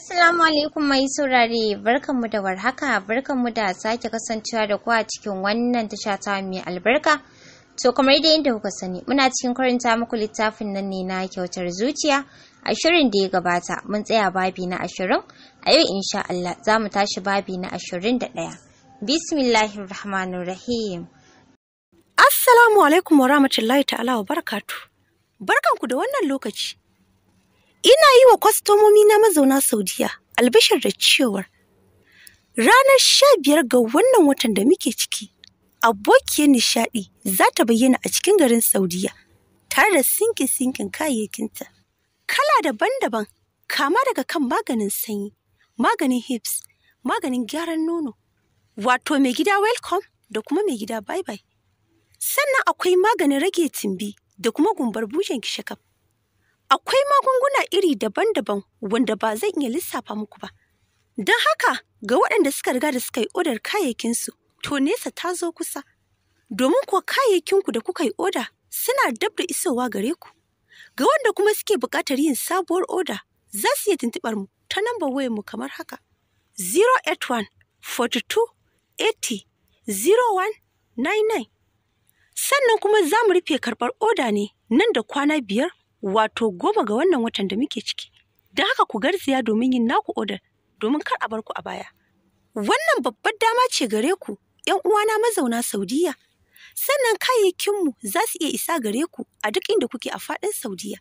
Assalamu alaikum mai saurare, mu da warhaka, mu da sake kasancewa da kuwa cikin wannan tasha ta mai albarka. To kamar da inda kuka sani, muna cikin karanta muku littafin nan ne na kyautar zuciya. A shirin da ya gabata, mun tsaya babi na ashirin, a yau insha Allah za mu tashi babi na ashirin da ɗaya. Bismillahirrahmanirrahim. Assalamu alaikum wa rahmatullahi ta'ala wa barkatu. Barkanku da wannan lokaci. Ina yi wa kwastomomi na mazauna Saudiya albashar da cewar ranar sha biyar ga wannan watan da muke ciki, abokiyar nishaɗi za ta bayyana a cikin garin Saudiya tare da sinkin-sinkin kayayyakinta. Kala daban-daban kama daga kan maganin sanyi, maganin hips, maganin gyaran nono, wato mai gida welcome da kuma mai gida bye-bye. Sannan akwai maganin rage timbi da kuma gumbar bujen kishakaf. akwai magunguna iri daban-daban wanda ba zan iya lissafa muku ba. Don haka ga waɗanda suka riga da suka yi odar kayayyakinsu, to nesa ta zo kusa. Domin kuwa kayayyakinku da kuka yi oda suna dab da isowa gare ku. Ga wanda kuma suke buƙatar yin sabuwar oda, za su iya tuntuɓar mu ta nambar wayar mu kamar haka. 081 42 80 0199 Sannan kuma za mu rufe karɓar oda ne nan da kwana biyar wato goma ga wannan watan da muke ciki. Da haka ku garziya domin yin naku odar domin kar a bar ku a baya. Wannan babbar dama ce gare ku, ‘yan uwana mazauna Saudiya. Sannan kayayyakinmu za su iya isa gare ku a duk inda kuke a faɗin Saudiya.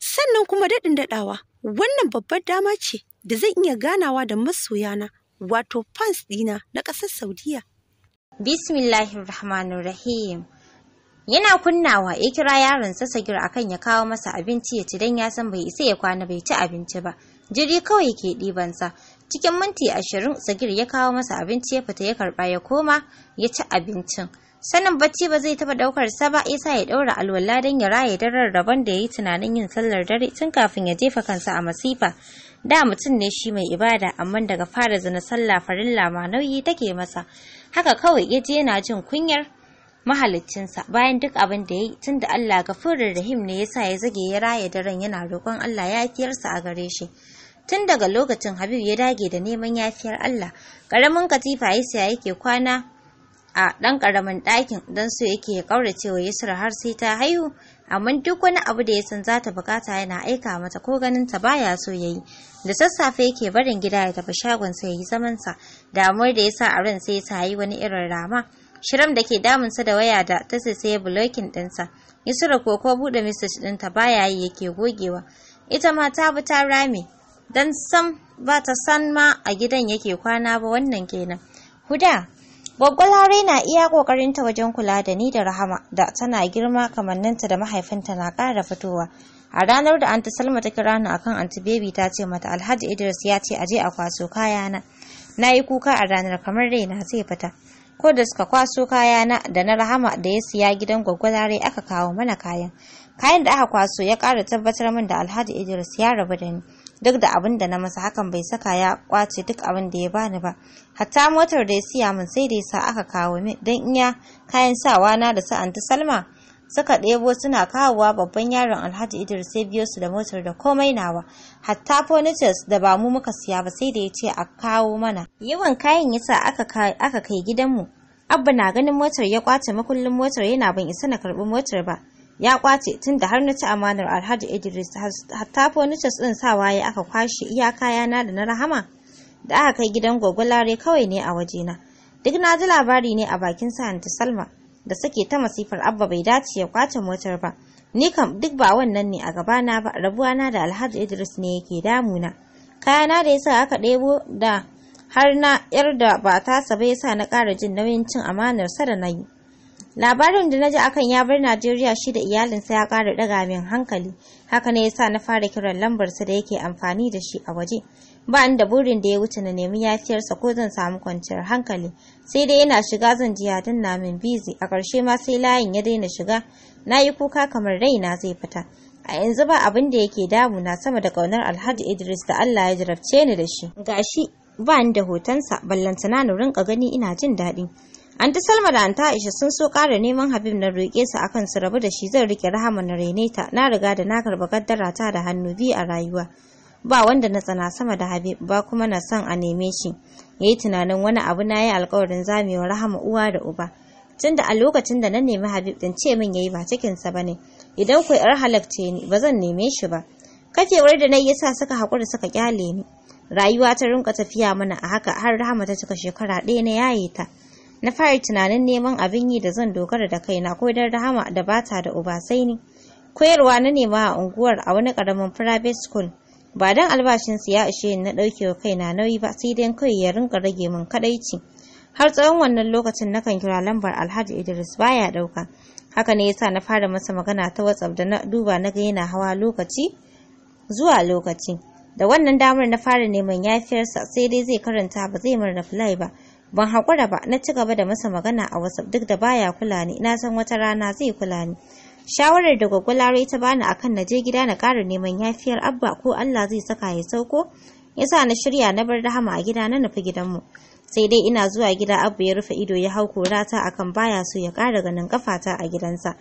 Sannan kuma daɗin daɗawa, wannan babbar dama ce da zan iya ganawa da masoyana wato fans ɗina na ƙasar Saudiya. Bismillahirrahmanirrahim. Yana kunnawa ya kira yaron Sagir akan ya kawo masa abinci ya ci don ya san bai isa ya kwana bai ci abinci ba. Jiri kawai ke ɗibansa. Cikin minti ashirin Sagir ya kawo masa abinci ya fita ya karɓa ya koma ya ci abincin. Sanin bacci ba zai taɓa ɗaukar sa ba isa ya ɗaura alwala don ya raye daren rabon da ya yi tunanin yin sallar dare tun kafin ya jefa kansa a masifa. Da mutum ne shi mai ibada amma daga fara zina sallah farin ma nauyi take masa. Haka kawai ya je yana jin kunyar mahaliccinsa bayan duk abin da ya yi tun da Allah gafurin rahim ne ya sa ya zage ya raya daren yana roƙon Allah yafiyarsa a gare shi tun daga lokacin Habib ya dage da neman yafiyar Allah karamin katifa isa yake kwana a ɗan karamin ɗakin don so yake ya ƙaurace wa Yusra har sai ta haihu amma duk wani abu da ya san za ta bukata yana aika mata ko ganin ta baya so yayi da sassafe yake barin gida ya tafi shagon sa ya yi zamansa damar da ya sa a ran sai ta yi wani irin rama Shiram da ke damunsa da waya da ta ya bulokin ɗinsa. Yusra ko ko buɗe message ɗinta baya yi yake gogewa. Ita ma ta bi ta rame. Don san ba ta san ma a gidan yake kwana ba wannan kenan. Huda, Lare na iya ƙoƙarinta wajen kula da ni da Rahama da tana girma kamanninta da mahaifinta na ƙara fitowa. A ranar da Anta Salma ta kira ni akan Anti Baby ta ce mata Alhaji Idris ya ce aje a kwaso kayana. Na yi kuka a ranar kamar raina zai fita. ko da suka kwaso kaya na da na rahama da ya siya gidan gwaggwalare aka kawo mana kayan kayan da aka kwaso ya ƙara tabbatar min da alhaji idris ya rabu da ni duk da abin da na masa hakan bai saka ya kwace duk abin da ya bani ba hatta motar da ya siya min sai da ya sa aka kawo min don iya kayan sawa na da sa'anta salma suka ɗebo suna kawowa babban yaron alhaji idris sai biyo su da motar da komai nawa hatta furnitures da ba mu muka siya ba sai da ya ce a kawo mana yawan kayan yasa aka kai gidanmu abba na ganin motar ya kwace makullin motar yana ban isa na karɓi motar ba ya kwace tunda har na ci amanar alhaji idris hatta furnitures ɗin sawa ya aka kwashe iya kayana da na rahama da aka kai gidan gwagwalare kawai ne a waje na. duk na ji labari ne a bakin sa salma da suke ta masifar abba bai dace ya kwace motar ba ni kam duk ba wannan ne a gabana ba rabuwana da alhaji idris ne yake damuna kayana da yasa aka ɗebo da har na yar da ba tasa ba yasa na ƙara jin nauyin cin amanar sa da na yi labarin da na ji akan ya bar najeriya shi da iyalinsa ya ƙara ɗaga min hankali haka ne yasa na fara kiran lambarsa da yake amfani da shi a waje ba ni da burin da ya wuce na nemi yafiyarsa ko zan samu kwanciyar hankali sai dai yana shiga zan ji yadin na min bizi a ƙarshe ma sai layin ya daina shiga na yi kuka kamar raina zai fita a yanzu ba abin da yake na sama da ƙaunar alhaji idris da allah ya jarabce ni da shi gashi ba ni da hotonsa ballanta na rinka gani ina jin daɗi An ta Salma da Anta Aisha sun so ƙara neman Habib na roƙe su akan su rabu da shi zan rike rahama na reneta na riga da na karba gaddara ta da hannu biyu a rayuwa. ba wanda na tsana sama da habib ba kuma na son a neme shi ya yi tunanin wani abu na yi alkawarin zamewa rahama uwa da uba tunda a lokacin da na nemi habib din ce min ya yi ba cikinsa ba ne idan ku yar halakce ni ba zan neme shi ba kafewar da na yi yasa suka haƙura suka kyale ni rayuwa ta rinka tafiya mana a haka har rahama ta cika shekara ɗaya na yaye ta na fara tunanin neman abin yi da zan dogara da kaina ko don rahama da bata da uba sai ni koyarwa na nema a unguwar a wani ƙaramin private school ba don albashinsu ya ishe na ɗauke wa kai na nauyi ba sai dai kai ya rinka rage min kadaici har tsawon wannan lokacin na kan kira lambar alhaji idris baya ɗauka haka ne yasa na fara masa magana ta whatsapp da na duba na ga yana hawa lokaci zuwa lokaci da wannan damar na fara neman yafiyarsa sai dai zai karanta ba zai mara fly ba ban haƙura ba na ci gaba da masa magana a whatsapp duk da baya kula ni na san wata rana zai kula ni shawarar da gwagwalare ta bani akan na je gida na ƙara neman yafiyar abba ko Allah zai saka ya sauko yasa na shirya na bar rahama a gida na nufi gidanmu sai dai ina zuwa gida abba ya rufe ido ya hau kora ta akan baya so ya ƙara ganin kafata a gidansa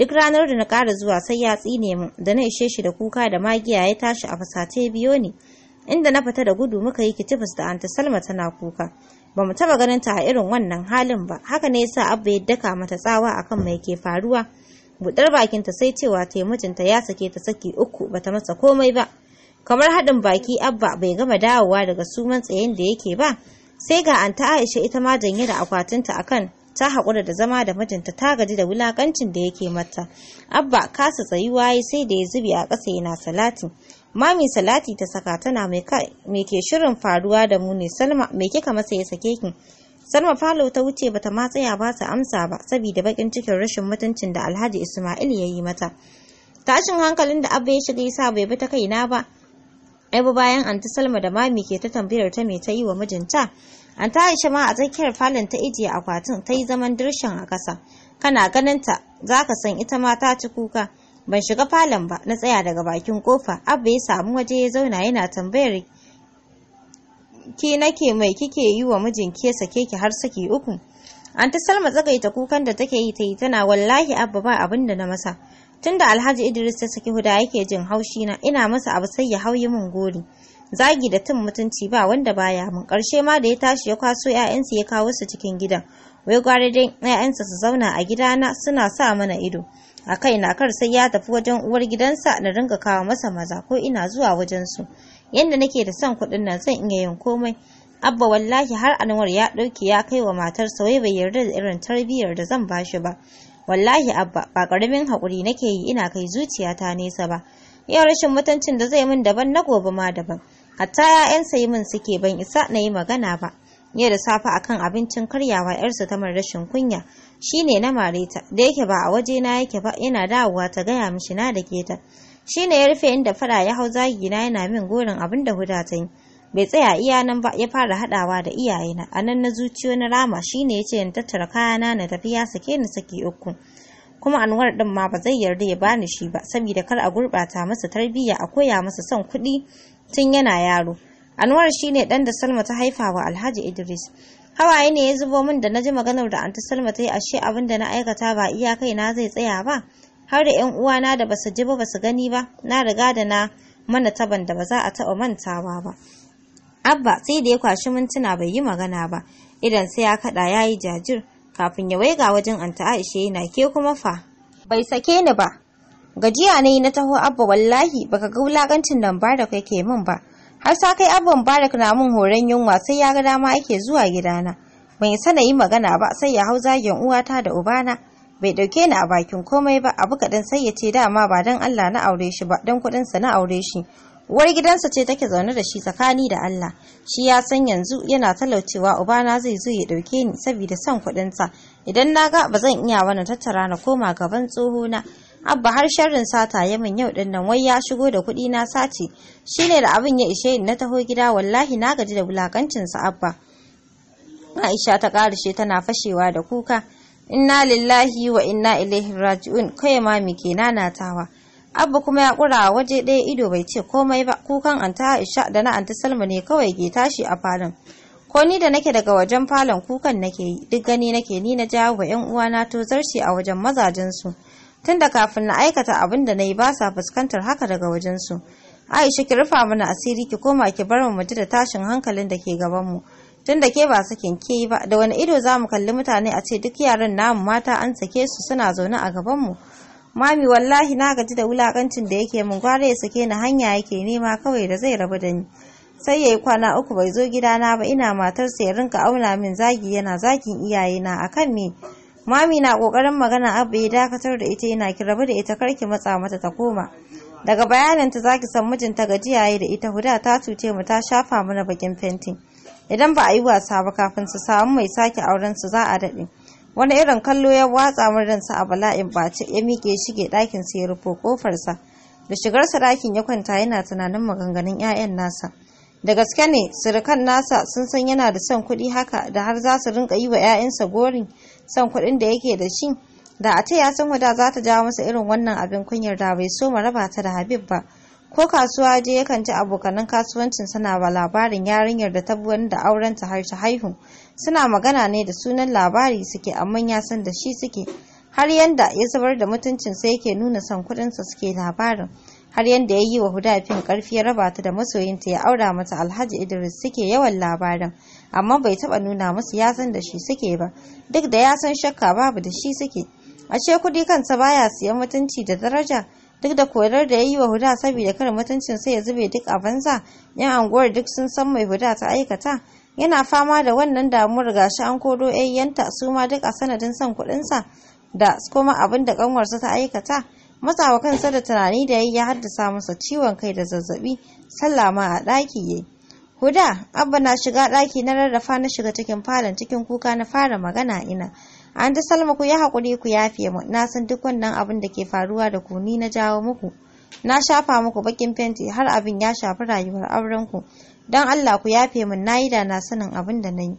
duk ranar da na ƙara zuwa sai ya tsine mu da na ishe shi da kuka da magiya ya tashi a fasate biyo ne inda na fita da gudu muka yi kitifus da anta salma tana kuka ba mu taba ganin ta a irin wannan halin ba haka ne yasa abba ya daka mata tsawa akan mai ke faruwa buɗar bakinta sai cewa ta mijinta ya sake ta saki uku bata masa komai ba kamar haɗin baki abba bai gama dawowa daga suman tsayen da yake ba sai ga anta aisha ita ma janye da akwatinta akan ta haƙura da zama da mijinta ta gaji da wulakancin da yake mata abba kasa tsayuwa ya sai da ya zubi a ƙasa yana salati mami salati ta saka tana mai ke shirin faruwa da mu ne salma mai kika masa ya sake ki Salma Falo ta wuce bata ma tsaya ba ta amsa ba saboda bakin cikin rashin mutuncin da Alhaji Ismail ya yi mata. Tashin hankalin da Abba ya shiga yasa bai bi ta kaina ba. Ai bayan Anta Salma da Mami ke ta tambayar ta me ta yi wa mijinta. Anta Aisha ma a tsakiyar falon ta ijiye akwatin ta yi zaman dirshin a ƙasa. Kana ganin ta Za ka san ita ma ta ci kuka. Ban shiga falon ba na tsaya daga bakin kofa Abba ya samu waje ya zauna yana tambayar ki nake mai kike yi wa mijinki ya sake ki har saki uku an ta salma tsagaita kukan da take yi ta yi tana wallahi abba ba abin da na masa tunda alhaji idris ta saki huda yake jin haushi na ina masa abu sai ya hauyi min gori zagi da tun mutunci ba wanda baya mun karshe ma da ya tashi ya kwaso ƴaƴansa ya kawo su cikin gidan wai gwari dai ƴaƴansa su zauna a gidana suna sa mana ido a kai na kar sai ya tafi wajen uwar gidansa na ringa kawo masa maza ko ina zuwa wajen su Yanda nake da son kuɗin nan zan iya yin komai abba wallahi har anwar ya ɗauki ya kai wa matar wai bai yarda da irin tarbiyyar da zan ba shi ba wallahi abba ba ƙaramin haƙuri nake yi ina kai zuciyata nesa ba yau rashin mutuncin da zai min daban na gobe ma daban hatta 'ya'yansa yi min suke ban isa na yi magana ba yau da safe akan abincin karyawa yarsa ta mar rashin kunya shine na mareta da yake ba a waje na yake ba yana dawowa ta gaya mishi na da keta Shi ne ya rufe inda fara ya hau zagina yana min gorin abin da huda ta yi. Bai tsaya iya nan ba ya fara haɗawa da iyayena. A nan na zuciyo na rama shi ne ya ce in tattara kayana na tafi ya sake ni saki uku. Kuma Anwar ɗin ma ba zai yarda ya bani shi ba saboda kar a gurɓata masa tarbiyya a koya masa son kuɗi tun yana yaro. Anwar shi ne ɗan da Salma ta haifa wa Alhaji Idris. Hawaye ne ya zubo min da na ji maganar da Anta Salma ta yi ashe abin da na aikata ba iya kaina zai tsaya ba. har da yan uwana da basu ji ba basu gani ba na riga da na mana taban da ba za a taɓa mantawa ba abba sai da ya kwashi mintuna bai yi magana ba idan sai ya kaɗa ya yi jajir kafin ya waiga wajen anta aisha yana ke kuma fa bai sake ni ba gajiya ne na taho abba wallahi baka ga wulakancin nan ba da kai ke min ba har sa kai Abba barak na min horon yunwa sai ya ga dama ake zuwa gidana ban isa na yi magana ba sai ya hau zagin uwata da ubana bai dauke ni a bakin komai ba abu kadan sai ya ce dama ba dan Allah na aure shi ba dan don sa na aure shi uwar gidansa ce take zaune da shi tsakani da Allah shi ya san yanzu yana talaucewa ubana zai zo ya dauke ni saboda son kuɗinsa idan na ga ba zan iya wani tattara na koma gaban tsoho na abba har sharrin sata ya min yau din wai ya shigo da kuɗi na sace shine da abin ya ishe ni na taho gida wallahi na gaji da bulakancin sa abba Aisha ta karshe tana fashewa da kuka inna lillahi wa inna ilaihi raji'un kai mami ke tawa abba kuma ya kura waje ɗaya ido bai ce komai ba kukan anta aisha da na anta salma ne kawai ke tashi a falon ko ni da nake daga wajen falon kukan nake yi duk gani nake ni na jawo wa yan uwana to zarci a wajen mazajen su tunda kafin na aikata abin da nayi ba sa fuskantar haka daga wajen su Aisha ki rufa mana asiri ki koma ki bar mu ji da tashin hankalin da ke gaban mu tun da ke ba sakin ke yi ba da wani ido za mu kalli mutane a ce duk yaran namu mata an sake su suna zaune a gaban mu. mami wallahi na gaji da wulakancin da yake mun gware ya sake ni hanya yake nema kawai da zai rabu da ni sai yayi kwana uku bai zo gidana ba ina matarsa ya rinka auna min zagi yana zagin na akan me mami na kokarin magana abu ya dakatar da ita yana ki rabu da ita karki matsa mata ta koma daga bayaninta zaki san mijinta gajiya da ita huda ta cuce mu ta shafa mana bakin fentin idan ba a yi wasa ba kafin su samu mai sake auren su za a daɗe wani irin kallo ya watsa min ransa a bala'in ce ya miƙe shige ɗakin sa ya rufe kofarsa da shigar sa ɗakin ya kwanta yana tunanin maganganun 'ya'yan nasa da gaske ne surukan nasa sun san yana da son kuɗi haka da har za su rinka yi wa 'ya'yansa gorin son kuɗin da yake da shi da a ce ya san wada za ta jawo masa irin wannan abin kunyar da bai so ma raba ta da habib ba ko kasuwa je yakan ji abokanan kasuwancin suna ba labarin yarinyar da ta buwan da aurenta har ta haihu suna magana ne da sunan labari suke amma ya san da shi suke har yanda ya zubar da mutuncin sai yake nuna son kuɗinsa suke labarin har yanda ya yi wa fin karfi ya raba ta da masoyinta ya aura mata alhaji idris suke yawan labarin amma bai taba nuna musu ya san da shi suke ba duk da ya san shakka babu da shi suke ashe kuɗi kansa baya siyan mutunci da daraja duk da korar da ya yi wa huda saboda kar mutuncin sai ya zube duk a banza yan anguwar duk sun san mai huda ta aikata yana fama da wannan damuwar gashi an kodo yayyanta su ma duk a sanadin son kuɗinsa da kuma abin da kanwarsa ta aikata matsawa kansa da tunani da ya haddasa masa ciwon kai da zazzabi sallama a ɗaki yayi huda abba na shiga ɗaki na rarrafa na shiga cikin falon cikin kuka na fara magana ina an ji salma ku yi hakuri ku yafe mu na san duk wannan abin da ke faruwa da ku ni na jawo muku na shafa muku bakin fenti har abin ya shafi rayuwar auren ku don Allah ku yafe min na yi da na sanin abin da na yi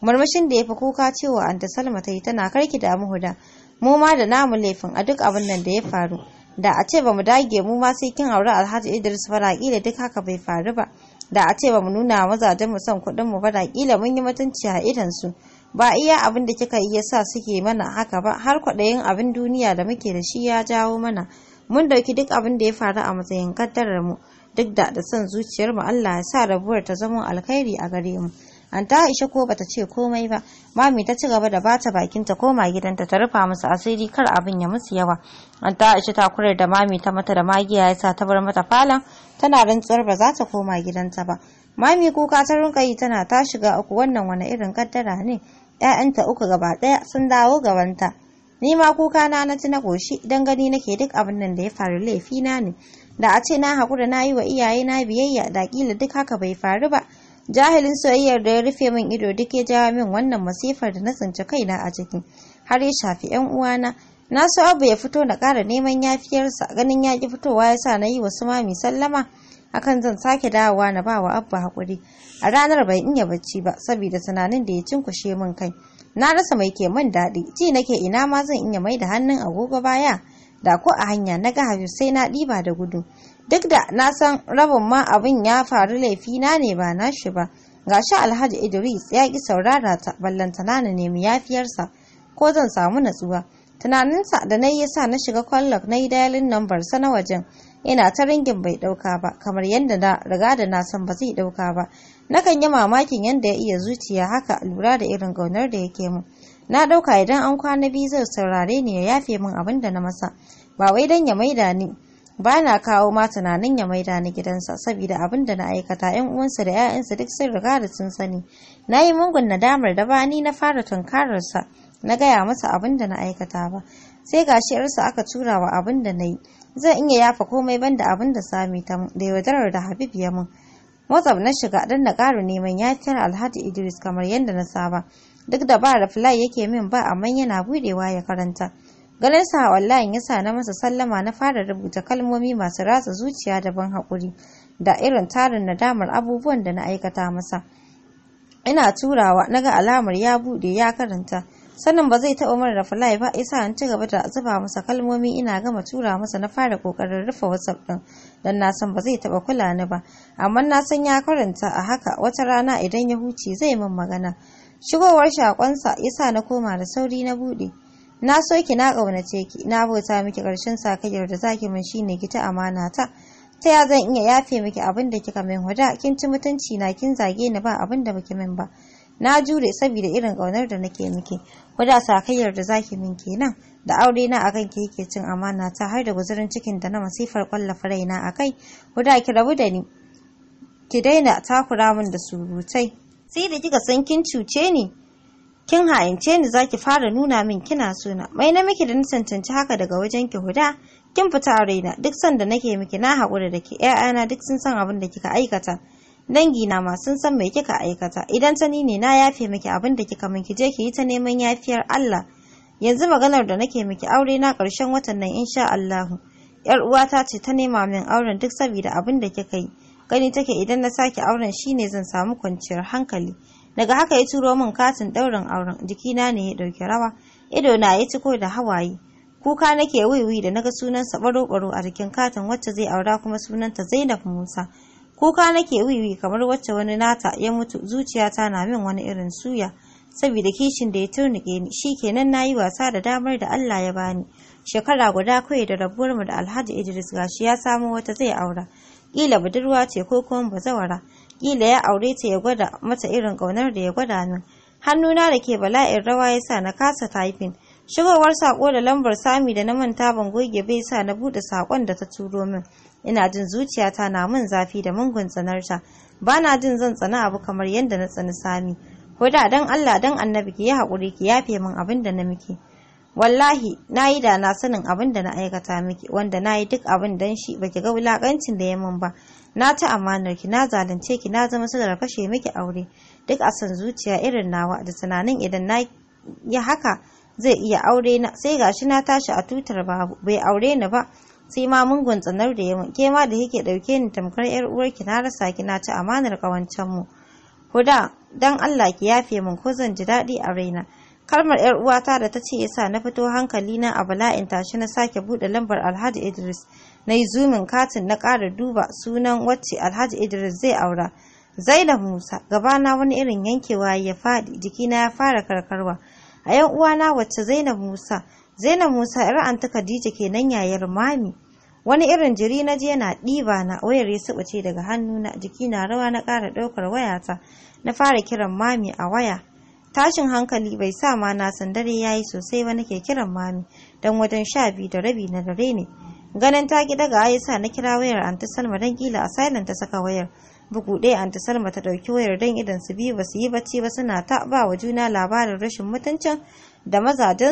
murmushin da ya fi kuka cewa anta salma ta yi tana karki damu huda mu ma da namu laifin a duk abin nan da ya faru da a ce ba mu dage mu ma sai kin aure alhaji idris faraki da duk haka bai faru ba da a ce ba mu nuna mazajen mu son kuɗin mu ba da kila mun yi mutunci a idan su ba iya abin da kika iya sa suke mana haka ba har kwaɗayin abin duniya da muke da shi ya jawo mana mun dauki duk abin da ya faru a matsayin kaddarar mu duk da da son zuciyar mu Allah ya sa rabuwar ta zama alkhairi a gare mu an ta Aisha ko bata ce komai ba mami ta ci gaba da bata bakin ta koma gidanta ta rufa musu asiri kar abin ya musu yawa an ta Aisha ta kurar da mami ta mata da magiya ya sa ta bar mata falon tana rantsuwar ba za ta koma gidanta ba mami kuka ta rinka yi tana ta shiga uku wannan wani irin kaddara ne ‘ya'yanta uku gaba ɗaya sun dawo gabanta. Ni ma kuka na na ci na goshi don gani nake duk abin nan da ya faru laifi na ne. Da a ce na haƙura na yi wa iyaye na biyayya da ƙila duk haka bai faru ba. Jahilin soyayyar da ya rufe min ido duk ya jawo min wannan masifar da na tsinci kaina a ciki. Har ya shafi ‘yan uwana. Na so abu ya fito na ƙara neman yafiyarsa ganin ya ƙi fitowa ya sa na yi wasu sumami sallama. hakan zan sake dawowa na ba wa abba haƙuri a ranar bai iya bacci ba saboda tunanin da ya cinkushe min kai na rasa mai ke min daɗi ji nake ina ma zan iya mai da hannun agogo baya da ko a hanya na ga hafi sai na ɗiba da gudu duk da na san rabin ma abin ya faru laifi na ne ba na shi ba ga shi alhaji idris ya ki saurara ta ballantana na nemi yafiyarsa ko zan samu natsuwa tunaninsa da na yi sa na shiga kwallon na yi dayalin nambarsa na wajen Ina ta ringin bai ɗauka ba kamar yadda na riga da na san ba zai ɗauka ba nakan yi mamakin yadda ya iya zuciya haka lura da irin gaunar da yake mun na ɗauka idan an kwana biyu zai saurare ni ya yafe min abin da na masa ba wai dan ya maida ni ba na kawo ma tunanin ya maida ni gidansa saboda abin da na aikata yan uwansa da 'ya'yansa duk sun riga da sun sani na yi mungun nadamar da ba ni na fara tunkararsa na gaya masa abin da na aikata ba sai ga shi yarsa aka tura wa abin da na yi zan iya yafa komai banda abin da sami ta da yaudarar da habib ya mun whatsapp na shiga dan na ƙara neman ya tar alhaji idris kamar yadda na saba duk da ba reply yake min ba amma yana budewa ya karanta ganin sa wallahi ya sa na masa sallama na fara rubuta kalmomi masu rasa zuciya da ban hakuri da irin tarin nadamar abubuwan da na aikata masa ina turawa naga alamar ya bude ya karanta sannan ba zai taɓa rafa rafulai ba yasa an ci gaba da zuba masa kalmomi ina gama tura masa na fara kokarin rufe whatsapp ɗin, dan na san ba zai taɓa kula ni ba amma na san ya karanta a haka wata rana idan ya huce zai min magana shigowar shakonsa yasa na koma da sauri na buɗe na so ki na ƙaunace ki na bauta miki ƙarshen sakayyar da zaki min shine ki ta amana ta ta ya zan iya yafe miki abin da kika min huda kin ci mutunci na kin zage ni ba abin da baki min ba na jure saboda irin kaunar da nake miki ko da sakayyar da zaki min kenan da aure na akan ke yake cin amana ta har da guzurin cikin da na masifar kwallafa raina akai ko da ki rabu da ni ki daina takura min da surutai sai da kika san kin cuce ni kin ha'ince ni zaki fara nuna min kina suna mai na miki da na cancanci haka daga wajen ki huda kin fita a raina duk sanda nake miki na haƙura da ki ƴaƴana duk sun san abin da kika aikata dangi na ma sun san me kika aikata idan ta nine ne na yafe miki abin da kika min kije ki yi ta neman yafiyar Allah yanzu maganar da nake miki aure na ƙarshen watan nan insha Allahu yar uwata ce ta nema min auren duk saboda abin da kika yi gani take idan na sake auren shine zan samu kwanciyar hankali daga haka ya turo min katin ɗaurin auren jikina ne ya ɗauki rawa ido na ya ciko da hawaye kuka nake wiwi da naga sunansa baro baro a jikin katin wacce zai aura kuma sunanta Zainab Musa kuka nake wiwi kamar wacce wani nata ya mutu zuciyata na min wani irin suya saboda kishin da ya turnike ni shikenan nayi wasa da damar da Allah ya bani shekara guda kawai da rabuwar mu da Alhaji Idris gashi ya samu wata zai aura kila budurwa ce ko kuma bazawara kila ya aure ta ya gwada mata irin kaunar da ya gwada min hannuna da ke bala'in rawa ya sa na kasa taifin. shigowar sako da lambar sami da na manta ban goge bai sa na bude sakon da ta turo min ina jin zuciyata na min zafi da mungun tsanarta ba na jin zan tsana abu kamar yadda na tsani sami ko da dan Allah dan annabi ki yi haƙuri ki yafe min abin da na miki wallahi na yi da na sanin abin da na aikata miki wanda na yi duk abin dan shi ba ki ga wulakancin da ya min ba na ta amanar ki na zalunce ki na zama sadar kashe miki aure duk a san zuciya irin nawa da tunanin idan na yi haka zai iya aure na sai gashi na tashi a tutar babu bai aure ni ba sai ma mungun tsanar da yamin ke ma da yake dauke ni tamkar yar uwarki na rasa ki na ci amanar kawancan mu huda dan Allah ki yafe min ko zan ji daɗi a raina kalmar yar uwata da ta ce yasa na fito hankali na a bala'in tashi na sake bude lambar Alhaji Idris na yi zumin katin na ƙara duba sunan wacce Alhaji Idris zai aura Zainab Musa gabana wani irin yankewa ya faɗi jikina ya fara karkarwa a yan uwana wacce Zainab Musa Zainab Musa 'yar anti Khadija kenan yayar mami wani irin jiri na je na ɗiba na wayar ya ce daga hannuna jiki na rawa na ƙara ɗaukar wayata na fara kiran mami a waya tashin hankali bai sa ma na sandare ya yi sosai ba nake kiran mami don wajen sha biyu da rabi na dare ne ganin ta ki daga ayi sa na kira wayar anti salma don kila a silent ta saka wayar bugu ɗaya anti salma ta ɗauki wayar don idan su biyu ba su yi bacci ba suna ta ba wa juna labarin rashin mutuncin da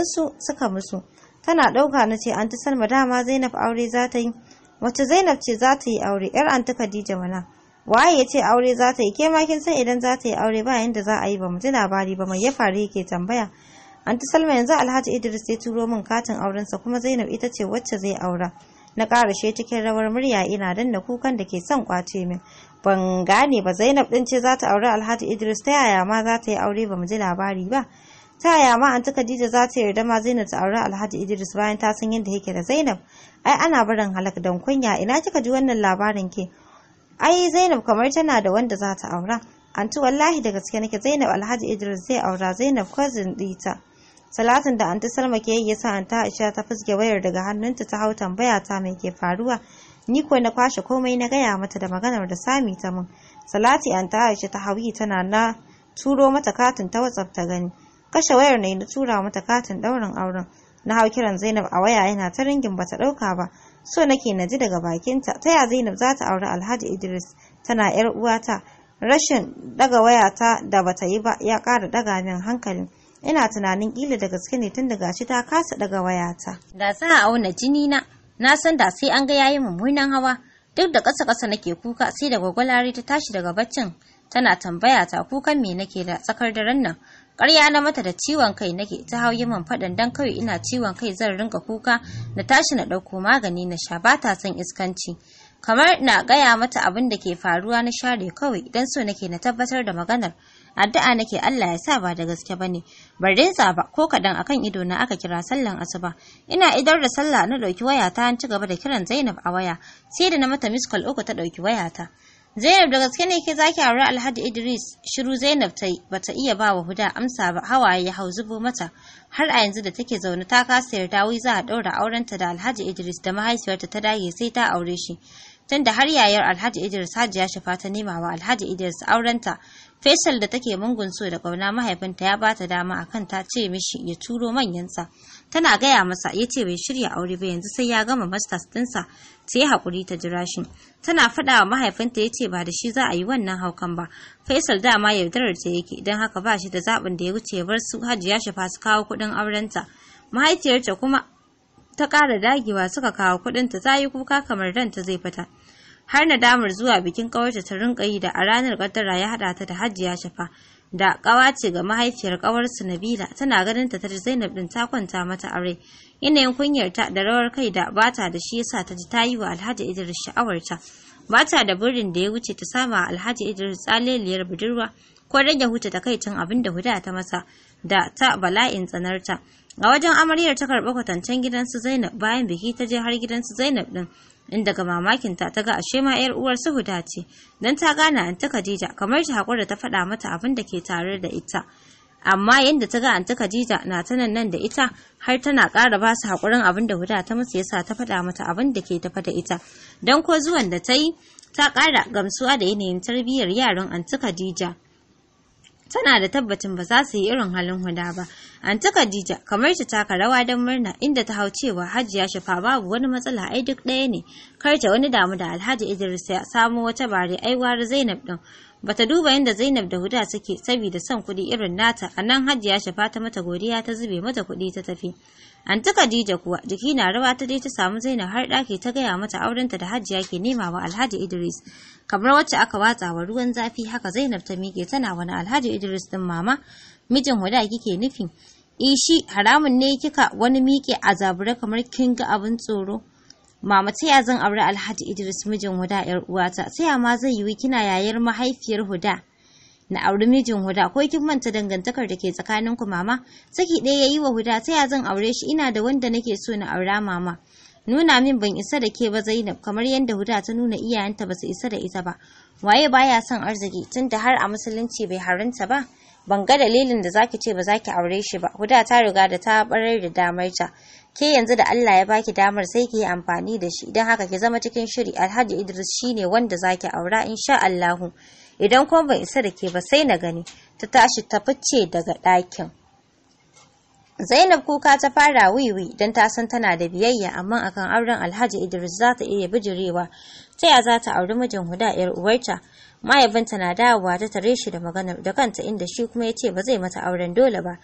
su suka musu tana ɗauka na ce anti salma dama zainab aure za ta yi wace zainab ce za ta yi aure yar anti khadija mana. waye ya ce aure za ta yi ke ma kin san idan za ta yi aure ba yanda za a yi ba mu ji labari ba mai ya faru yake tambaya anti salma yanzu alhaji idris ya turo min katin aurensa kuma zainab ita ce wacce zai aura na karashe cikin rawar murya ina danna kukan da ke son kwace min ban gane ba zainab din ce za ta aure alhaji idris ta yaya ma za ta yi aure ba mu ji labari ba ta yaya ma anta Khadija za ta yarda ma Zainab ta aure Alhaji Idris bayan ta san yadda yake da Zainab ai ana barin halak dan kunya ina kika ji wannan labarin ke ai Zainab kamar tana da wanda za ta aura anti wallahi da gaske nake Zainab Alhaji Idris zai aura Zainab cousin dita Salatin da anti Salma ke yi yasa anta Aisha ta fuske wayar daga hannunta ta hau tambaya ta mai ke faruwa ni ko na kwashe komai na gaya mata da maganar da Sami ta mun Salati anta Aisha ta hawi tana na turo mata katin ta WhatsApp ta gani kashe wayar ne na tura mata katin daurin auren na hau kiran Zainab a waya yana ta ringin bata dauka ba so nake naji daga bakinta ta ya Zainab za ta auri Alhaji Idris tana yar uwata rashin daga ta da bata yi ba ya kara daga min hankali ina tunanin kila da gaske ne tun daga shi ta kasa daga wayata da za a auna jini na na san da sai an ga yayi mummunan hawa duk da kasa-kasa nake kuka sai da gwagwalare ta tashi daga baccin tana tambaya ta kukan me nake da tsakar daren nan ƙarya na mata da ciwon kai nake ta hau min faɗan dan kawai ina ciwon kai zan ringa kuka na tashi na ɗauko magani na sha ba ta son iskanci kamar na gaya mata abin da ke faruwa na share kawai idan so nake na tabbatar da maganar addu'a nake Allah ya sa ba da gaske bane bar reza ba ko kadan akan ido na aka kira sallan asuba ina idar da sallah na dauki wayata an ci gaba da kiran Zainab a waya sai da na mata miss call uku ta dauki wayata Zainab da gaske ne ke zaki aure Alhaji Idris shiru Zainab ta yi bata iya ba wa Huda amsa ba hawaye ya hau zubo mata har a yanzu da take zaune ta kasa yarda wai za a daura aurenta da Alhaji Idris da mahaifiyarta ta dage sai ta aure shi tunda har yayar Alhaji Idris Hajiya Shafa ta nema wa Alhaji Idris aurenta Faisal da take mungun so da kauna mahaifinta ya bata dama akan ta ce mishi ya turo manyan sa. tana gaya masa ya ce bai shirya aure ba yanzu sai ya gama masters dinsa ta yi haƙuri ta jira shi tana faɗa wa mahaifinta ya ce ba da shi za a yi wannan haukan ba faisal dama yaudarar ta yake idan haka ba shi da zaɓin da ya wuce ya bar su hajiya shafa su kawo kuɗin aurenta mahaifiyarta kuma ta ƙara dagewa suka kawo kuɗinta ta yi kuka kamar ranta zai fita har nadamar zuwa bikin ƙawarta ta rinƙa yi da a ranar ƙaddara ya haɗa ta da hajiya shafa da ƙawa ce ga mahaifiyar ƙawarsu Nabila tana ganin ta tar Zainab din ta kwanta mata aure yanayin kunyarta da rawar kai da bata da shi yasa ta ji ta yi wa Alhaji Idris sha'awarta bata da burin da ya wuce ta sama Alhaji Idris tsaleliyar budurwa ko rage huta takaicin abin da huda ta masa da ta bala'in tsanarta a wajen amaryar ta karɓi kwatancen gidansu Zainab bayan biki ta je har gidansu Zainab din in daga mamakinta ta ga ashe ma yar uwar su huda ce dan ta gane anta Khadija kamar ta hakura ta faɗa mata abin da ke tare da ita amma yanda ta ga anta Khadija na ta nan nan da ita har tana ƙara ba su hakurin abin da huda ta musu yasa ta faɗa mata abin da ke tafa da ita dan ko zuwan da ta yi ta ƙara gamsuwa da yanayin tarbiyyar yaran anta Khadija tana da tabbacin ba za su yi irin halin huda ba. Anta Khadija kamar ta taka rawa don murna inda ta hau cewa Hajiya Shafa babu wani matsala ai duk ɗaya ne. Kar ta wani damu da Alhaji Idris ya samo wata bare ai war Zainab din. Bata duba yadda Zainab da Huda suke saboda son kuɗi irin nata, a nan Hajiya Shafa ta mata godiya ta zube mata kuɗi ta tafi. Anti Khadija kuwa jiki na rawa ta je ta samu Zainab har ɗaki ta gaya mata aurenta da Hajiya ke nema wa Alhaji Idris. Kamar wacce aka watsa wa ruwan zafi haka Zainab ta mike tana wani Alhaji Idris din mama mijin huda kike nufi. Eh, shi haramun ne kika wani miƙe a kamar kin ga abin tsoro. Mama ta ya zan aure Alhaji Idris mijin Huda ‘yar uwata, sai amma ma zai yiwi kina yayar mahaifiyar Huda. na auri mijin huda ko kin manta dangantakar da ke tsakanin ku mama saki ɗaya ya yi wa huda ta ya zan aure shi ina da wanda nake so na aura mama nuna min ban isa da ke ba Zainab kamar yadda huda ta nuna iyayenta ba su isa da ita ba waye baya son arziki tunda har a musulunci bai haranta ba ban ga dalilin da zaki ce ba zaki aure shi ba huda ta riga da ta barar da damar ta ke yanzu da Allah ya baki damar sai ki yi amfani da shi idan haka ki zama cikin shiri Alhaji Idris shine wanda zaki aura insha Allahu idan kuma ban isa da ke ba sai na gani ta tashi ta fice daga ɗakin Zainab kuka ta fara wiwi don ta san tana da biyayya amma akan auren Alhaji Idris za ta iya bijirewa ta ya za ta auri mijin Huda yar uwarta mahaifinta na dawowa ta tare shi da magana da kanta inda shi kuma ya ce ba zai mata auren dole ba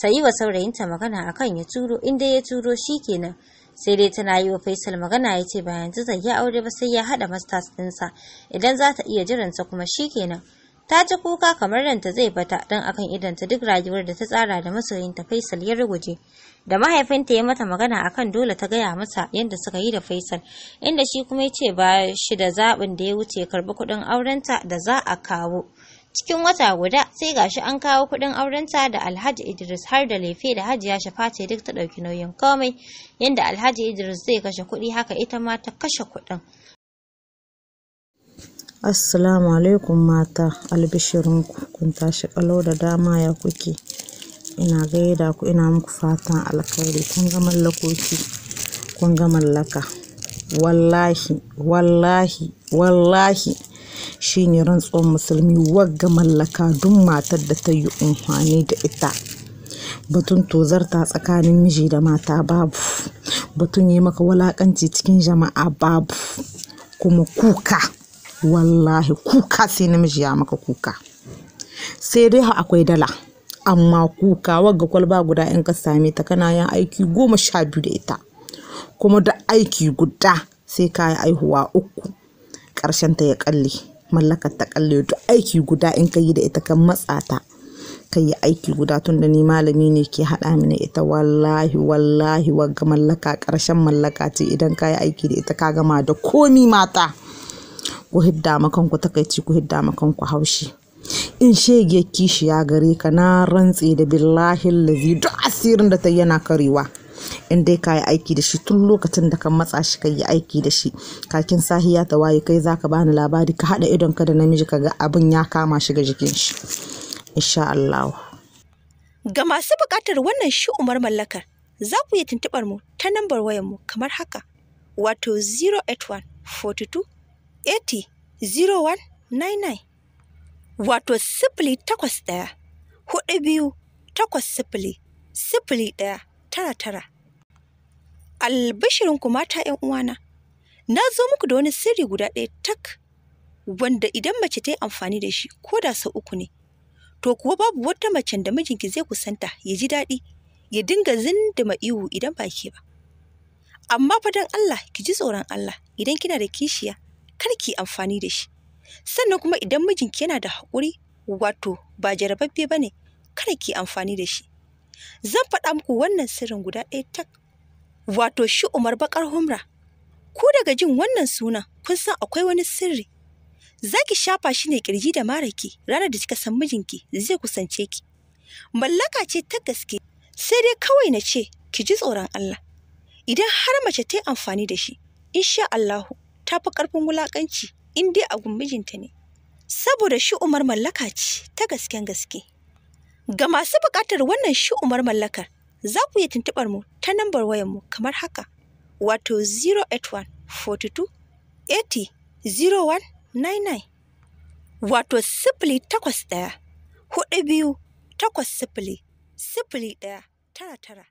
ta yi wa saurayinta magana akan ya turo inda ya turo shi kenan sai dai tana yi wa Faisal magana ya ce bayan ta zai aure ba sai ya haɗa masters ɗinsa idan za ta iya jiransa kuma shi kenan. Ta ji kuka kamar ranta zai bata don akan idanta duk rayuwar da ta tsara da masoyinta Faisal ya ruguje. Da mahaifinta ya mata magana akan dole ta gaya masa yadda suka yi da Faisal, inda shi kuma ya ce ba shi da zaɓin da ya wuce karɓi kuɗin aurenta da za a kawo. Cikin wata guda sai gashi an kawo kuɗin aurenta da Alhaji Idris har da lefe da Hajiya Shafati duk ta ɗauki nauyin komai yadda Alhaji Idris zai kashe kuɗi haka ita ma ta kashe kuɗin. Assalamu alaikum mata albishirinku kun tashi kalau da dama ya kuke ina gaida ku ina muku fatan alkhairi kun ga mallakoki kun ga mallaka wallahi wallahi wallahi shine rantsuwar musulmi wagga mallaka duk matar da ta yi amfani da ita batun tozarta tsakanin miji da mata babu batun yi maka walakanci cikin jama'a babu kuma kuka wallahi kuka sai namiji ya maka kuka sai dai akwai dala amma kuka wagga kwalba guda in ka same ta kana yin aiki goma sha biyu da ita kuma da aiki guda sai ka yi aihuwa uku ƙarshen ta ya kalle mallakar ta kalle duk aiki guda in ka yi da ita kan matsa ta ka yi aiki guda tun da ni malami ne ke haɗa mini ita wallahi wallahi wagga mallaka ƙarshen mallaka ce idan ka yi aiki da ita ka gama da komi mata ku hidda makanku takaici ku hidda makanku haushi in shege kishiya ya gare ka na rantse da billahi lazi duk asirin da ta yana karewa in dai ka yi aiki da shi tun lokacin da ka matsa shi ka yi aiki da shi kakin sahiya ta waye kai zaka bani labari ka haɗa idon ka da namiji ka ga abin ya kama shi ga jikin shi insha Allah ga masu buƙatar wannan shi umar mallakar za ku iya tuntuɓar mu ta nambar wayar mu kamar haka wato 081 42 80 0199 wato sifili takwas ɗaya hudu biyu takwas sifili sifili ɗaya tara tara Albashirin mata ‘yan uwana, na zo muku da wani sirri guda ɗaya tak, wanda idan mace ta yi amfani da shi ko da sau uku ne, to kuwa babu wata mace da mijinki zai kusanta ya ji daɗi, ya dinga zindima ihu idan ba ke ba. Amma fadan Allah ki ji tsoron Allah idan kina da kishiya, kar ki amfani da shi. Sannan kuma idan mijinki yana da haƙuri, wato ba jarababbe ba ne, kar ki amfani da shi. Zan faɗa muku wannan sirrin guda ɗaya tak wato shi Umar Bakar Humra. Ku daga jin wannan sunan kun san akwai wani sirri. Za ki shafa shi ne kirji da maraki ranar da kika san mijinki zai kusance ki. Mallaka ce ta gaske sai dai kawai na ce ki ji tsoron Allah. Idan har mace ta yi amfani da shi, insha Allahu ta fi ƙarfin wulaƙanci in dai a gun mijinta ne. Saboda shi Umar mallaka ce ta gasken gaske. Ga masu buƙatar wannan shi Umar mallakar, za ku iya tuntuɓar mu ta nambar mu kamar haka wato 081 42 80 0199 wato sifili takwas ɗaya huɗu biyu takwas sifili sifili ɗaya tara tara